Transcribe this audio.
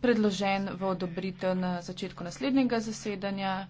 predložen v odobritev na začetku naslednjega zasedanja.